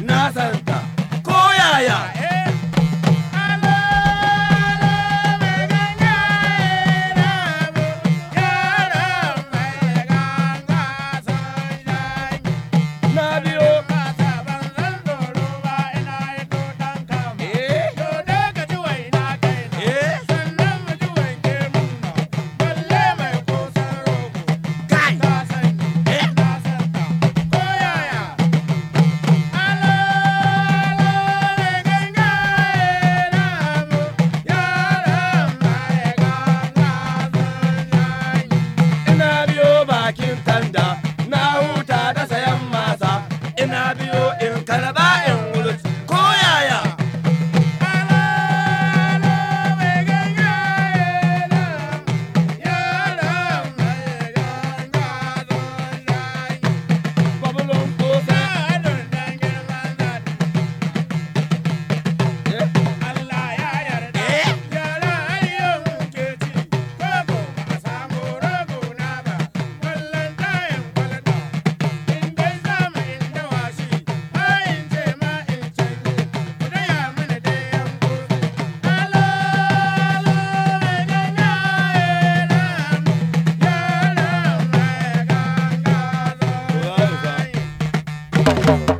na sanni Thank you.